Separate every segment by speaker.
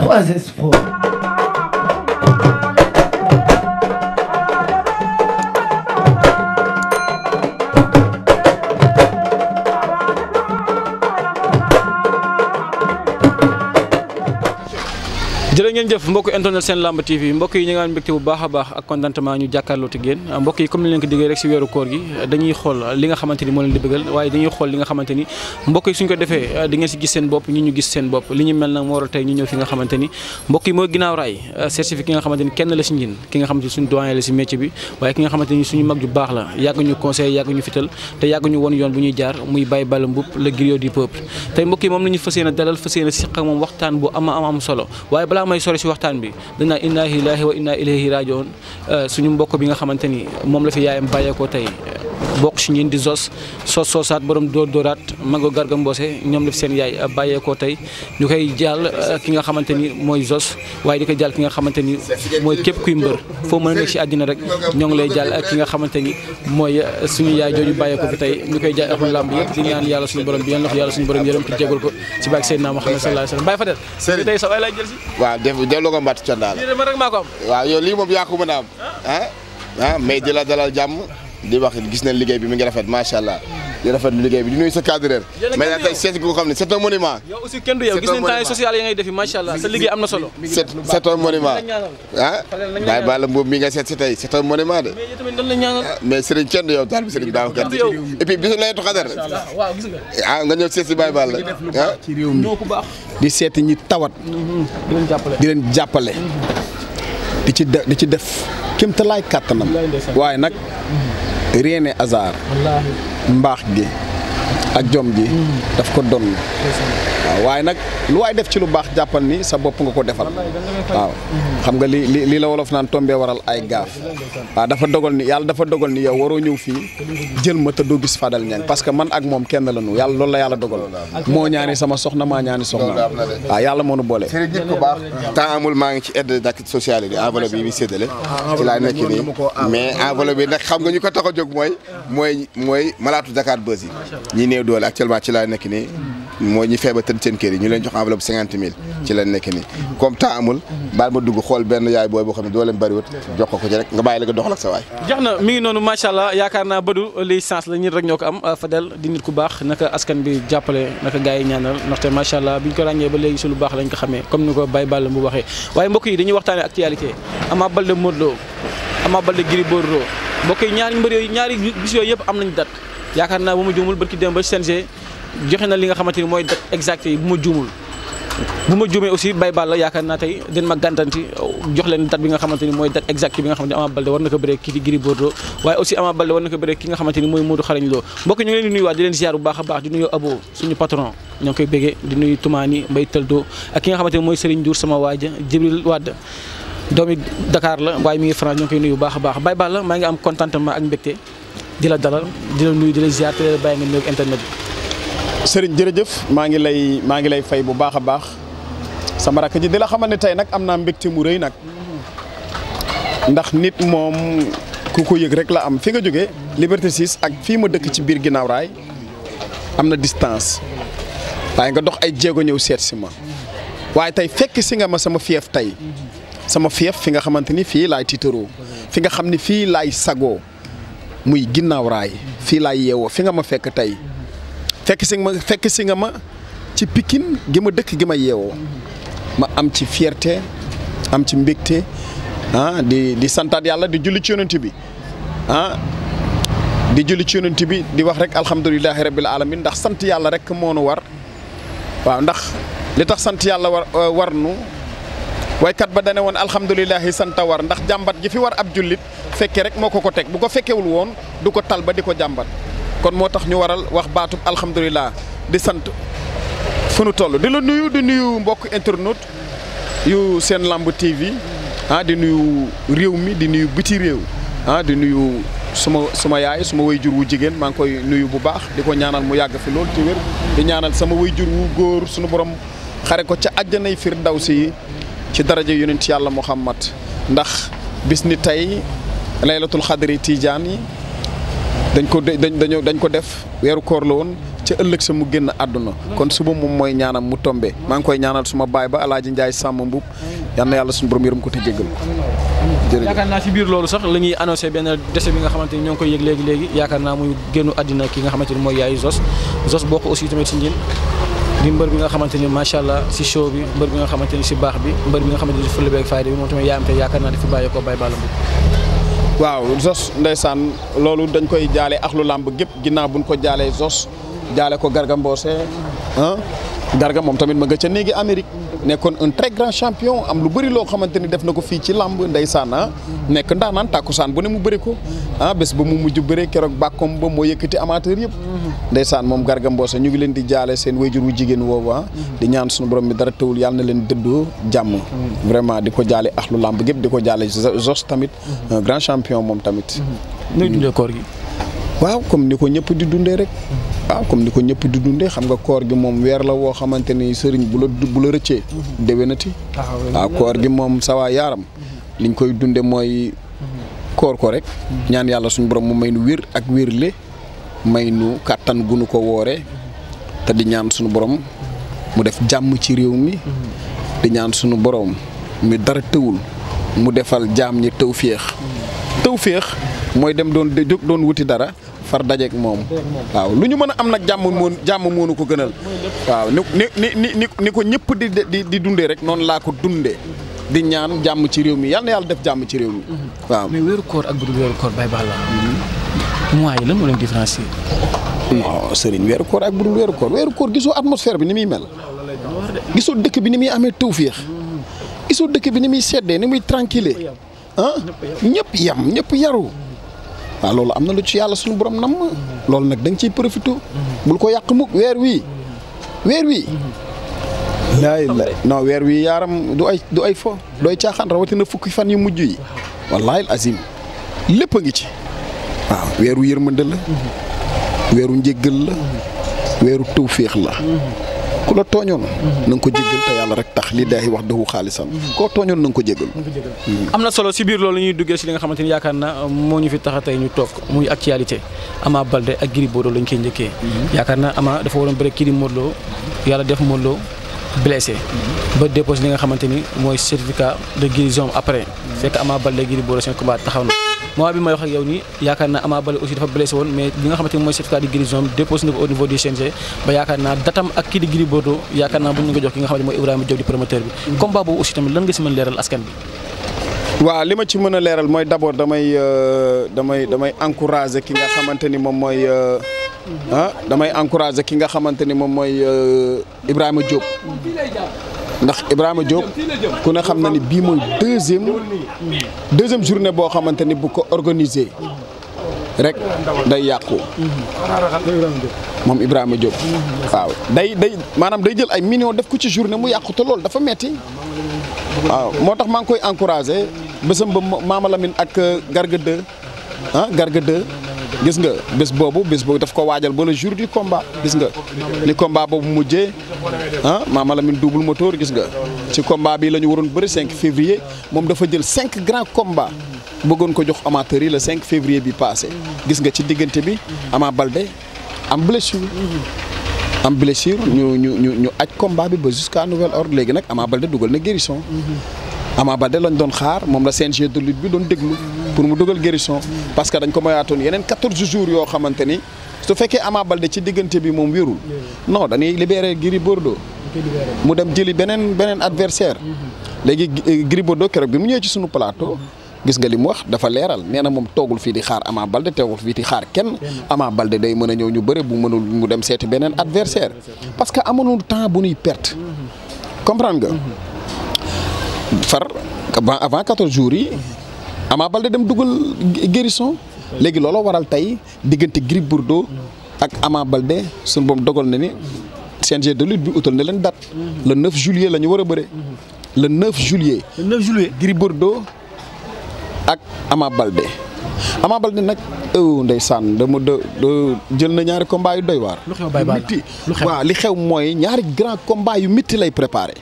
Speaker 1: 3S Pro. jërë ngeen jëf mbokk internet seen lamb TV mbokk yi ñu bu baax a baax ak contentement ñu jàkkaarloo te génn mbokk comme ni leen ko diggee rek si weeru koor gi dañuy xool li nga xamante ni moo leen di bëggal waaye dañuy xool li nga xamante ni suñ ko defee di ngeen si gis seen bopp ñi ñu gis seen bopp li ñu mel nag moo waral tey ñu ñëw fi nga xamante ni mooy ginnaaw raay certifié ki nga xamante ni kenn la si ñin ki nga xamante ni suñu doyen la si métier bi waaye ki nga xamante ni yoon bu ñuy jaar muy Baye Balla Mboup le griot du peuple moom la ñu fas yéene dalal fas yéene siq ak may sori si waxtaan bi danaa inna lillahi wa inna ilayhi rajiun euh, suñu mbokk bi nga xamante ni moom la fi yaayam bàyyeekoo tey bokk si ñun di sos sos soosaat borom dóor dóoraat mango garga mboose ñoom la fi seen yaay bàyyeekoo tey ñu koy jàll euh, ki nga xamante ni mooy sos waaye di koy jàll ki nga xamante ni mooy képp kuy mbër ñoo ngi lay jàll ak ki nga xamante ni mooy euh, suñu yaay jooju bàyyeekoo fi tey ñu koy jàll axul làmb yëpp di ñaan yàlla suñu borom bi yéen loxo yàlla suñu borom yërëm te jégal ko si bàyyi fa del tey sa waay lay jël si waaw def delloo ko mbatt condaal
Speaker 2: waaw yow lii moom yaa ko mën a am ah mais di la dalal jàmm di wax gis na liggéey bi mi ngi rafet macha allah di rafet lu liggéey bi di nuyu sa cadreur mais nag tey seet ko xam ne c'est un monument yow mi seet si tey c'est de mais sëriñ kenn du yow daal bi sëriñ Babacar et puis bisu laytu xadar
Speaker 1: waaw gis nga
Speaker 2: ah seet si baay bala ah
Speaker 3: ci di seeti ñi di leen jàppale di ci def di ci def kéem talaay kàttanam waaye nag rien n'est hasard mbaax gi ak jom ji daf ko donn waaw waaye nag lu waay def ci lu baax jàppal ni sa bopp nga ko defal waaw xam nga li li li la wolof naan tombee waral ay gaaf waaw dafa dogal ni yàlla dafa dogal ni yow waroo ñëw fii jël ma te doo gis Fadel Niang parce que man ak moom kenn la nu yàlla lool la yàlla dogal moo ñaani sama soxna maa ñaani soxna waaw yàlla moo nu boole sëriñ nit ku baax
Speaker 2: temps amul maa ngi ci aide d'activité sociale yi enveloppe yi bi séddale ci laa nekk nii mais enveloppe yi nag xam nga ñu ko tax a jóg mooy mooy mooy malaatu Dakar Buzz yi ñi néew doole actuellement ci laa nekk nii mooy ñi feebar tëdd seen kër ñu leen jox enveloppe cinquante mille ci la nekk nii comme temps amul baal ma dugg xool benn yaay booy boo xam ne doo leen bëriwut jox ko ko ci rek nga bàyyi la nga doxal ak sa waay
Speaker 1: jeex na mi ngi noonu macha allah yaakaar naa badu licence la ñun ko am ah, Fadel di nit ku baax naka askan bi jàppale naka gars yi ñaanal ndaxte macha allah bi ñu ko ràññee ba léegi su lu baax lañ ko xamee comme ni ko Baye Balla mu waxee waaye mbokk yi dañuy waxtaane yi ñaari mbër yëpp am nañ date yaakaar naa bu ma juumul barki dem ba CNG na li nga xamante ni mooy date bu ma juumul bu ma juumee aussi Baye Balla yaakaar naa tey den ma gàntanti jox leen date bi nga xamante ni mooy date exacte bi nga xamante ni Ama Baldé war na ko bëree kii di Gris Bordeaux waaye na xamante ni mooy Modou Xarañ Lo mbokk ñu ngi leen di nuyuwaat di leen ziar bu baax a baax di nuyu Abo suñu patron ñoo ngi koy béggee di nuyu Toumani Mbaye Tëldo ak ki nga xamante ni mooy Serigne Diour sama waaja Jibril Wade doomi Dakar la waaye mi ngi France ñoo ngi koy nuyu bu baax a baax Baye Balla maa ngi am contentement ak di la dalal di la nuyu di la ziar internet bi.
Speaker 3: jërëjëf maa ngi lay maa ngi lay fay bu baax a baax sama rakk ji di la xamal ne tey nag am naa mbégte mu rëy nag ndax nit moom ku ko yëg rek la am fi nga jóge Liberté 6 ak fii ma dëkk ci biir ginnaaw raay am na distance waaye nga dox ay jéego ñëw seet si ma waaye tey fekk si nga ma sama fief tey sama fief fi nga xamante ni fii laay tiitaroo fi nga xam ni fii laay sagoo. muy ginnaaw raay fii laa yeewoo fi nga ma fekk tey fekk si nga ma fekk si nga ma ci Pikine gi ma dëkk gi ma yeewoo ma am ci fierté am ci mbégte ah di di santaat yàlla di julli ci yonent bi ah, di julli ci bi di wax rek alhamdulilahi rabbil alamin ndax sant yàlla rek moo nu war waaw ndax li tax sant yàlla war euh, war nu waykat ba dane woon alhamdulillahi sant war ndax jàmbat gi fi war ab jullit fekke rek moo ko ko teg bu ko fekkewul woon du ko tal ba di ko jàmbat kon moo tax ñu waral wax baatu alhamdulilah di sant fu nu toll di la nuyu di nuyu mbokk internaute yu seen làmb TV ah di nuyu réew mi di nuyu biti réew ah di nuyu suma suma yaay suma wayjur wu jigéen maa ngi koy nuyu bu baax di ko ñaanal mu yàgg fi loolu ci wér di ñaanal sama wayjur wu góor sunu borom xare ko ca àjjanay firdawsi si ci daraja yonent yàlla Muhammad ndax bis ni tey laylatul xadri tiijaan yi dañ ko dañ dañ ko def weeru koor la woon ca ëllëg sa mu génn àdduna kon suba moom mooy ñaanam mu tombe maa ngi koy ñaanal suma baay ba alaaji Njaay sàmm mbub yal na yàlla suñu borom yërëm ko te jéggal
Speaker 1: naa si biir loolu sax la ñuy annoncé benn décès bi nga xamante ni ñoo ngi koy yëg léegi léegi yaakaar naa muy génnu àddina ki nga xamante ni mooy yaayu Zos Zos bokk aussi tamit si njin di mbër bi nga xamante ni macha allah si show bi mbër bi nga xamante ni si baax bi mbër bi nga xamante ni si fulla beeg fayda bi waaw
Speaker 3: Zos ndeysaan loolu dañ koy jaale axlu làmb gépp ginnaaw buñ ko jaalee Zos jaale ko Garga Mbossé ah Garga moom tamit ma nga ca néegi Amérique nekkoon un très grand champion am lu bëri loo xamante ni def na ko fii ci làmb ndeysaan ah nekk ndaanaan tàkkusaan bu ne mu bëri ko ah bés ba mu mujj bëree keroog bàkkoom ba moo yëkkati amateur yëpp ndeysaan moom Garga Mbossé ñu ngi leen di jaale seen wayjur wu jigéen woowu ah di ñaan suñu borom bi dara tëwul yàlla na leen dëddoo jàmm vraiment di ko jaale axlu làmb gépp di ko jaale Zos tamit un grand champion moom tamit ñooy koor gi waaw comme ni ko ñëpp di dundee rek. waaw comme ni ko ñëpp di dundee xam nga koor gi moom weer la woo xamante ni sëriñ bu la bu la rëccee. déwénati waaw koor gi moom sawaa yaaram. liñ koy dundee mooy. koor ko rek. ñaan yàlla suñu borom mu may nu wér ak wér le may nu kàttan gunu ko woore te di ñaan suñu borom mu def jàmm ci réew mi. di ñaan suñu boroom mi dara tëwul mu defal jaam ñi tëw féex. tëw féex mooy dem doon doon wuti dara. far dajeeg moom waaw lu ñu mën a am nag jàmm moo moonu ko gënal waaw ni ni ni ko ñëpp di di di dundee rek noonu laa ko dundee di ñaan jàmm ci réew mi yal na yàlla def jàmm ci réew mi
Speaker 1: mhm. waaw mais wéeru koor ak budul wéeru
Speaker 3: koor bay baax la mois yi lan moo leen différencier non weeru koor weeru koor gisoo atmosphère bi ni muy mel gisoo dëkk bi ni muy amee tawféex gisoo dëkk bi ni muy seddee ni muy tranquille ah ñëpp yem ñëpp yaru waaw loolu am na lu ci yàlla suñu borom nam loolu nag da nga ciy profité. bul ko yàq mukk weer wii weer wii. laay la non weer wii yaaram du ay du ay fo dooy caaxaan rawatina fukki fan yu mujj yi wallahi azim lépp a ngi ci waaw weeru yërmande la mhm. weeru njéggal la mhm. weeru tawféex la mhm. ku la tooñoon na ko jéggal te yàlla rek tax lillaahi wax dëggu xaalisam koo tooñoon na ko jéggal hmm.
Speaker 1: am na solo si biir loolu ñuy duggee si li nga xamante ni yaakaar na uh, moo ñu fi tax a tey ñu toog muy actualité Ama Baldé ak Gris Bordeaux lañ koy njëkkee hmm. yaakaar na Ama dafa waroon bëre kii di Modou Lo yàlla def Modou Lo blessé hmm. ba déposé li nga xamante ni mooy certificat de guérison après fekk Ama Baldé Gris Bordeaux seen combat taxaw na moment bi may wax ak yow nii yaakaar naa Ama Baldé aussi dafa blessé woon mais nga xamante na ko au niveau mm-hmm.
Speaker 3: waaw li ma ci mën a leeral mooy d'abord damay euh, damay damay encourager ki nga xamante ni moom mooy euh, mm-hmm. ah damay encourager ki nga xamante ni moom mooy euh, Ibrahima Diop
Speaker 1: mm-hmm.
Speaker 3: ndax Ibrahima Diop ku ne xam na ni bii mooy deuxième deuxième journée boo xamante ni bu ko organisé rek day yàqu. moom Ibrahima Diop. waaw day day maanaam day jël ay millions def ko ci journée mu yàqu te loolu dafa metti waaw moo tax maa ngi koy encouragé bésam ba Maama Lamine ak Garga 2 ah Garga gis nga bés boobu bés boobu daf ko waajal ba le jour du combat gis nga ni combat boobu mujjee ah Mama Lamine double moteur gis nga ci combat bi la ñu waroon bëri 5 février moom dafa jël cinq grands combats bëggoon ko jox amateurs yi le 5 février bi passé gis nga ci diggante bi Ama Baldé am blessure am blessure ñu ñu ñu ñu aj combat bi ba jusqu'à nouvel ordre léegi nag Ama Baldé dugal na guérison Ama Baldé lañ doon xaar moom la CNG de lutte bi doon déglu pour mu dugal guérison parce que dañ ko mayaatoon yeneen 14 jours yoo xamante ni su fekkee Ama Baldé ci diggante bi moom wérul non dañuy libéré Gris Bordeaux mu dem jëli beneen beneen adversaire léegi Gris Bordeaux keroog bi mu ñëwee ci sunu plateau gis nga li mu wax dafa leeral nee na moom toogul fii di xaar Ama Baldé toogul fii di xaar kenn Ama Baldé day mën a ñëw ñu bëre bu mënul mu dem seeti beneen adversaire parce que amoonul temps bu ñuy perte comprendre nga avant 14 jours yi Ama Baldé dem dugal guérison léegi looloo waral tey diggante Gris Bordeaux ak Ama Baldé suñu boom dogal na ni CNG de lutte bi utal na leen date le 9 juillet la ñu war a bëre le 9 juillet. le 9 juillet Gris Bordeaux ak Ama Baldé Ama Baldé nag euh, ndeysaan dama de jël na ñaari combat yu doy waar. lu xew li xew mooy ñaari grand combat yu mitti lay préparé.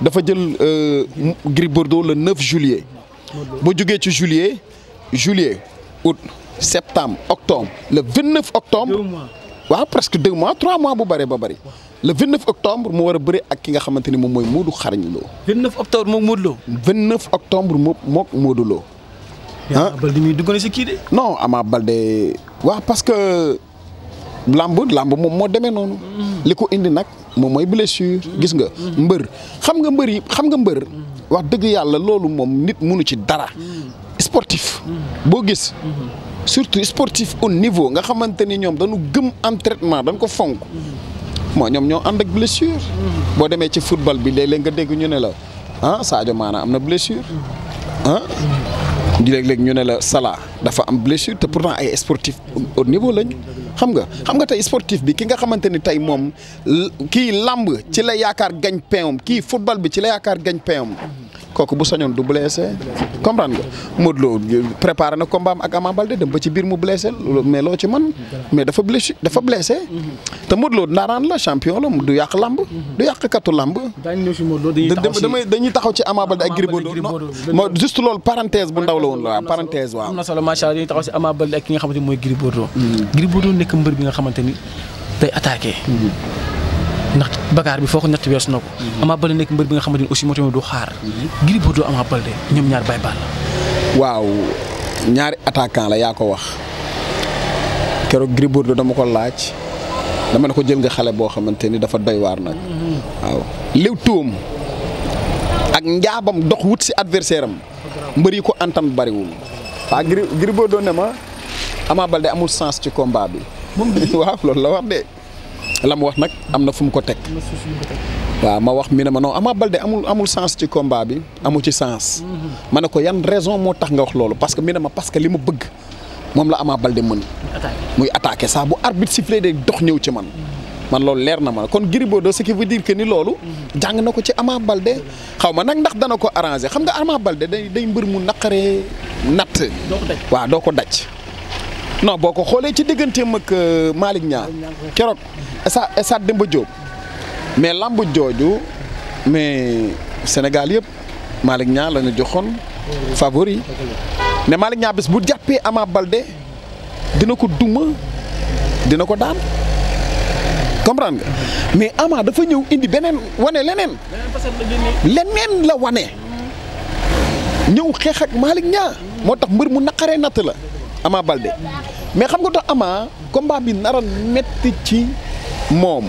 Speaker 3: dafa jël euh, Gris Bordeaux le 9 juillet. boo jógee ci juillet juillet août septembre octobre le 29 octobre. waaw presque deux mois trois mois bu bëree ba bëri. le 29 octobre moo war a bëri ak ki nga xamante ni moom mooy Modou Xarañ Lo.
Speaker 1: 29 octobre
Speaker 3: moom Modou Lo. 29 octobre moom moom Modou Lo. ah Ama Balde si kii de. non Ama Balde waaw parce que lamb lamb moom moo demee noonu. Mm-hmm. li ko indi nag moom mooy blessure. gis nga mm-hmm. mbër xam nga mbër yi xam nga mbër. Mm-hmm. wax dëgg yàlla loolu moom nit mënu ci dara. sportif. boo gis. surtout sportif au niveau nga xamante ni ñoom dañu gëm entraînement dañ ko fonk. moo ñoom ñoo ànd ak blessure. boo demee ci football bi léeg-léeg nga dégg ñu ne la ah Sadio Maana am na blessure ah. di léeg ñu ne la Salah dafa am blessure te pourtant ay sportif au niveau lañ xam nga xam nga tey sportif bi ki nga xamante ni tey moom kii làmb ci la yaakaar gañ peewam kii football bi ci la yaakaar gañ peewam kooku bu sañoon du blessé comprendre nga Modou Lo préparé na combat am ak Ama Baldé dem ba ci biir mu blessé mais loo ci man mais dafa blessé dafa blessé te Modou Lo la champion la du yàq lamb du yàq katu dañuy taxaw ci
Speaker 1: Ama Baldé ak Gris moo juste loolu
Speaker 3: parenthèse bu ndaw la woon la waaw parenthèse waaw am na solo macha allah dañuy taxaw ci
Speaker 1: Ama Baldé ak ki nga xamante ni mooy Gris Bordeaux hmm. nekk mbër bi nga xamante ni day attaqué hmm. ndax bakaar bi foo ko ñett wees na ko mhm. Ama Baldé nekk mbër bi nga xamante ni aussi moo tamit du xaar mhm. Gris Bordeaux Ama ñoom ñaar bay baal
Speaker 3: waaw ñaari attaquant la yaa ko wax keroog Gris Bordeaux dama ko laaj dama ne ko jël nga xale boo xamante ni dafa doy waar nag mhm. waaw liw tuum ak njaabam dox wut si adversaire am mbër yi ko antam bariwul waaw Gris Bordeaux ne ma Ama Baldé amul sens ci combat bi waaw loolu la wax de la mu wax nag am na fu mu ko teg waaw ma wax mi ne ma non Ama Baldé amul amul sens ci combat bi amul ci sens mhm. ma ne ko yan raison moo tax nga wax loolu parce que mi ne ma parce que li mu bëgg moom la Ama Baldé mën muy attaqué saa bu arbitre sifflé de dox ñëw ci man mhm. man loolu leer na ma kon Gris Bordeaux ce qui veut que ni loolu mhm. jàng na ko ci Ama Baldé xaw ma nag ndax dana ko arrangé xam nga Ama Baldé day day mbër mu naqaree natt waaw doo ko daj non boo ko xoolee ci digganteem ak euh, Malick Niang keroog esa esat Demba Diop mais lamb jooju mais Sénégal yëpp Malick Niang lañu joxoon favori ne Malick Niang bis bu jàppee amaa Baldé dina ko duma dina ko daan comprendre nga mais Ama dafa ñëw indi beneen wane leneen leneen la wane ñëw xeex ak Malick Niang moo tax mbër mu naqaree natt la Ama Baldé mais xam nga tax Ama combat bi nar a metti ci moom.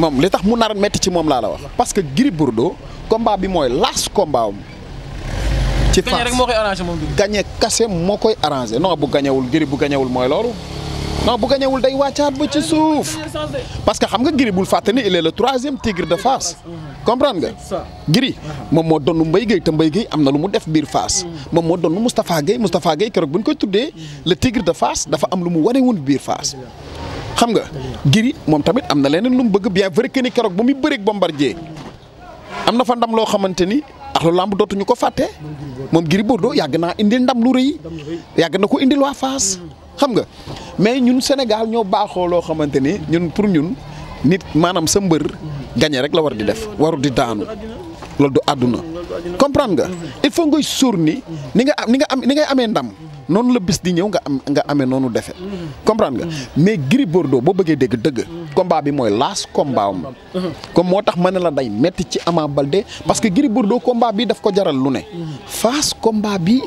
Speaker 3: moom li tax mu nar metti ci moom laa la wax. parce que Gris Bordeaux combat bi mooy last combat ci face rek moo koy arrangé moom gagné kase moo koy arrangé non bu gañewul Gris bu gañewul mooy loolu. non bu gañewul day wàccaat ba ci suuf. parce que xam nga Gris bul fàtte ni il est le troisième tigre de Fass. comprendre nga giri uh-huh. moom moo doon Mbaye Gueye te Mbaye Gueye am na lu mu def biir Fass mm. moom moo doon Moustapha Gueye Moustapha Gueye keroog bu ñu koy tuddee mm. le tigre de Fass dafa am lu mu wane woon biir Fass xam nga giri moom tamit am na leneen lu mu bëgg bien vrai que ni keroog ba muy bëreeg Bombardier am na fa ndam loo xamante ni ak lu lamb dootuñu ko fàtte moom Gris Bordeaux yàgg naa indil ndam lu rëy yàgg na ko indil waa Fass mm. xam nga mais ñun Sénégal ñoo baaxoo loo xamante ni ñun pour ñun nit maanaam sa mbër gañe rek la war di def warul di daanu loolu du àdduna comprendre nga il faut ngay sóor ni ni nga am ni nga am ni ngay amee ndam noonu la bis di ñëw nga am nga amee noonu defe comprendre nga mais gri Bordeaux boo bëggee dégg dëgg combat bi mooy laas combat comme moo tax ma ne la day metti ci Ama Baldé parce que Gris Bordeaux combat bi daf ko jaral lu ne face combat bi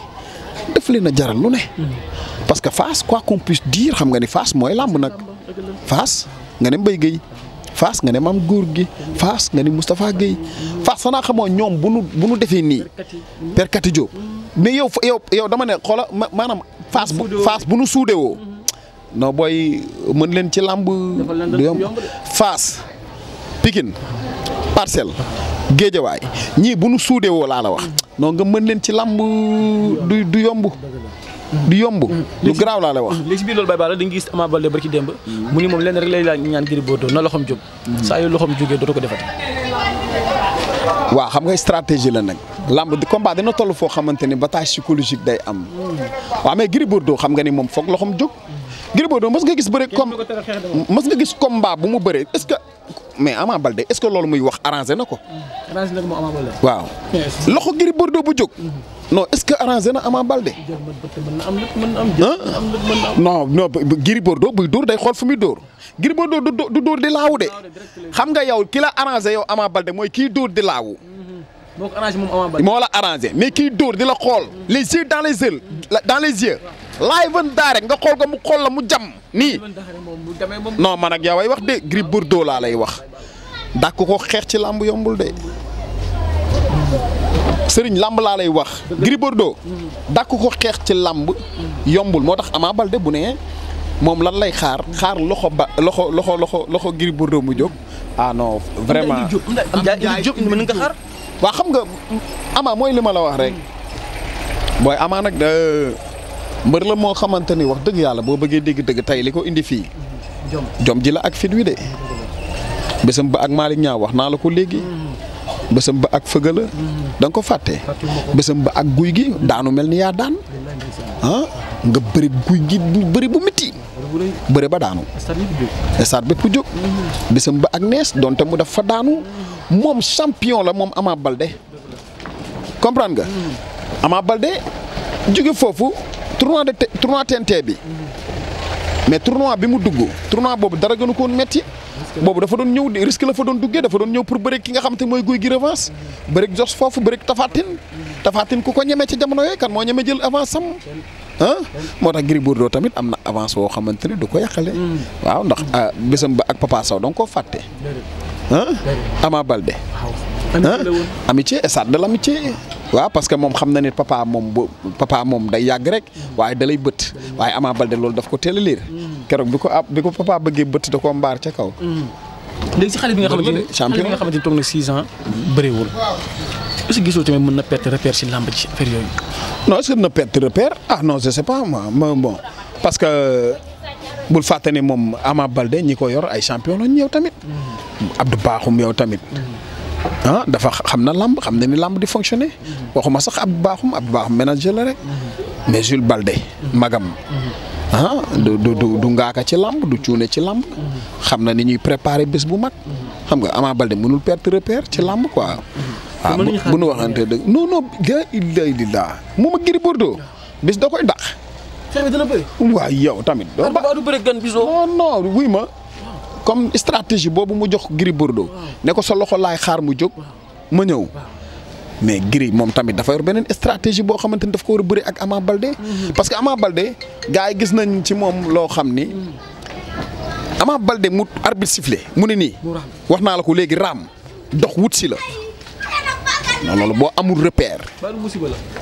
Speaker 3: daf leen a jaral lu ne parce que face quoi qu'on puisse xam nga ni face mooy làmb nag face nga ne Mbaye Guèye Fass nga ne maam góor gi faas nga ne Moustapha Guèye Fass xanaa xamoo ñoom bu nu bu nu defee nii perkati Diop mais yow yow yow dama ne xoola maanaam Fass bu Fass bu nu suudewoo non booy mën leen ci làmb du yomb Fass pikin parcelle Géejawaay ñii bu nu suudewoo laa la wax noo nga mën leen ci làmb du du yomb du yomb.
Speaker 1: lu mm. garaaw laa lay wax. Mm. léegi si biir loolu Baye Bara dañu gis Ama Baldé bari ci démb. mu ni moom lenn rek lay laaj ñaan Gris Bordeaux na loxoom jóg. Mm. saa yu loxoom jógee dootu ko defati. waaw xam
Speaker 3: nga stratégie la nag. lamb di combat dina toll foo xamante ni bataille psychologique day am. waaw mais Gris Bordeaux xam nga ni moom foog loxoom jóg. Gris Bordeaux mës nga gis bëre comme mës nga gis combat bu mu bëree est que. mais amaa Baldé est-ce que loolu muy wax arrangé na ko. Hmm. arrangé na ko moom Ama Baldé. waaw loxo Gris Bordeaux bu jóg. Hmm. non est-ce que arrangé na Ama Baldé. non non Gris Bordeaux buy door day xool fu muy dóor. Gris Bordeaux du dóor di laawu de. xam nga yow ki la arrangé yow Ama Baldé mooy kii dóor di laawu. Hmm.
Speaker 1: moo ko moo la
Speaker 3: arrangé mais kii dóor di la xool. les yeux dans les yeux dans les yeux. nga xool ko mu xool la mu jam nii non man ak yow ay wax de Gris Bordeaux laa lay wax. dàq ko xeex ci làmb yombul de sëriñ làmb laa lay wax. Gris Bordeaux ko xeex ci làmb yombul moo tax Ama Baldé bu ne moom lan lay xaar xaar loxo ba loxo loxo loxo loxo Gris Bordeaux mu jóg ano ah non vraiment. waa xam nga Ama mooy li ma la wax rek booy Ama nag mbër la moo xamante ni wax dëgg yàlla boo bëggee dégg dëgg tey li ko indi fii. jom jom ji la ak fit wi de. bésam ba ak Malick ñaaw wax naa la ko léegi bésam ba ak fëga la da nga ko fàtte bésam ba ak guy gi daanu mel ni yaa daan ah nga bëri guy gi bëri bu métti bëri ba daanu stade bépp jóg bésam ba ak nees donte mu def fa daanu moom champion la moom Ama Baldé comprendre nga Ama Baldé jóge foofu tournoi de tournoi TNT bi mais tournoi bi mu dugg tournoi boobu dara gënu ko woon metti boobu dafa doon ñëw risque la fa doon duggee dafa doon ñëw pour bëreeg ki nga xam te mooy guy gi revanche bëreeg jos foofu bëreeg tafatin tafatin ku ko ñemee ci jamono yooyu kan moo ñemee jël avance sam ah moo tax Gris doo tamit am na avance woo xamante ne du ko yàqale waaw ndax ah, bésam ba ak Papa Sow danga koo fàtte ah Ama Balde ah amitié stade de l'amitié waaw parce que moom xam na ne papa moom bu papa moom day yàgg rek waaye dalay bët waaye Ama Baldé loolu daf ko teel a keroog bi ko ab bi ko papa bëggee bët da koo mbaar ca kaw.
Speaker 1: léegi si xale bi nga xamante ne champion nga xamante ne toog na 6 ans bëriwul. est-ce gisoo tamit mën na perte repère si làmb ji affaire yooyu.
Speaker 3: non est-ce que na perte repère ah non je sais pas moi mais parce que bul fàtte moom Ama Baldé ñi ko yor ay champion lañ yow tamit. Abdou Bakhoum yow tamit. ah dafa xam na làmb xam na ni làmb di fonctionner waxuma sax ab baaxum ab baaxum manager la rek mais Jules Balde magam ah du du du ngaaka ci làmb du cuune ci làmb xam na ni ñuy préparer bés bu mat xam nga Ama Balde mënul perte repère ci làmb quoi waaw ah, bu nu waxante dëgg non non la ilaha illallah moom ak Gris Bordeaux bis da koy dàq xeex yow tamit doo ba du bëri gan bisoo non non ma comme stratégie boobu mu jox Gris Bordeaux ne ko sa loxo laay xaar mu jóg ma ñëw mais Gris moom tamit dafa yor beneen stratégie boo xamante ni daf ko war a bëri ak Ama Baldé mhm. parce que Ama Baldé gars yi gis nañ ci moom loo xam ni mhm. Ama Baldé mu arbitre sifflé mu ne nii wax naa la ko léegi raam dox wut si la non loolu boo amul repère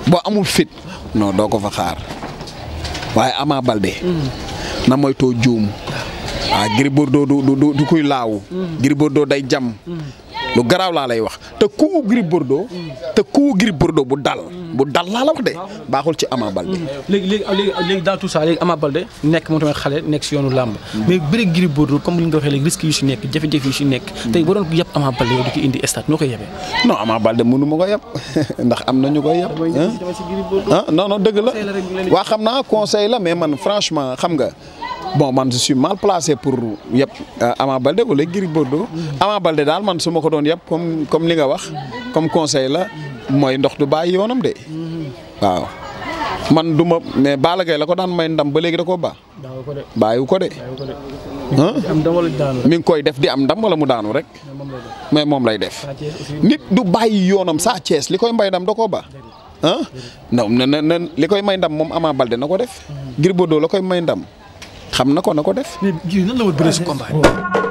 Speaker 3: boo amul fit non doo ko fa xaar waaye Ama Baldé mhm. na moytoo juum ah Gris Bordeaux du du du kuy laaw mm. Gris Bordeaux day jam. Mm. lu garaaw laa lay wax te ku Gris Bordeaux.
Speaker 1: Mm. te ku Gris Bordeaux bu dal. bu dal laa la wax de baaxul ci Ama Baldé. léegi léegi ah, ah, léegi dans tout ça léegi Ama Baldé nekk moo tamit xale nekk si yoonu làmb. mais bëri Gris Bordeaux comme li nga waxee léegi risques yu si nekk jafe-jafe yu si nekk. tey boo doon yab Ama Baldé yow ko indi stade noo koy yabee.
Speaker 3: non Ama ndax am na ñu koy yab.
Speaker 1: ah dëgg la. waa xam naa
Speaker 3: conseil la mais man franchement xam nga. bon man su suis mal placé pour yëpp euh, Ama Baldé wala Gris Bordeaux Ama daal man su ma ko doon yëpp comme comme li nga wax comme conseil la mooy ndox du bàyyi yoonam de waaw man du ma mais Balla la ko daan may ndam ba léegi da koo baax. bàyyiwu ko de. mi ngi koy def di am ndam wala mu daanu rek. mais moom lay def. nit du bàyyi yoonam Sa cees li koy mbay ndam da koo baax. ah non na na li koy may ndam moom Ama Baldé na ko def. Gris la koy may ndam. xam na ko na ko def. mais nan la woon bëre
Speaker 2: si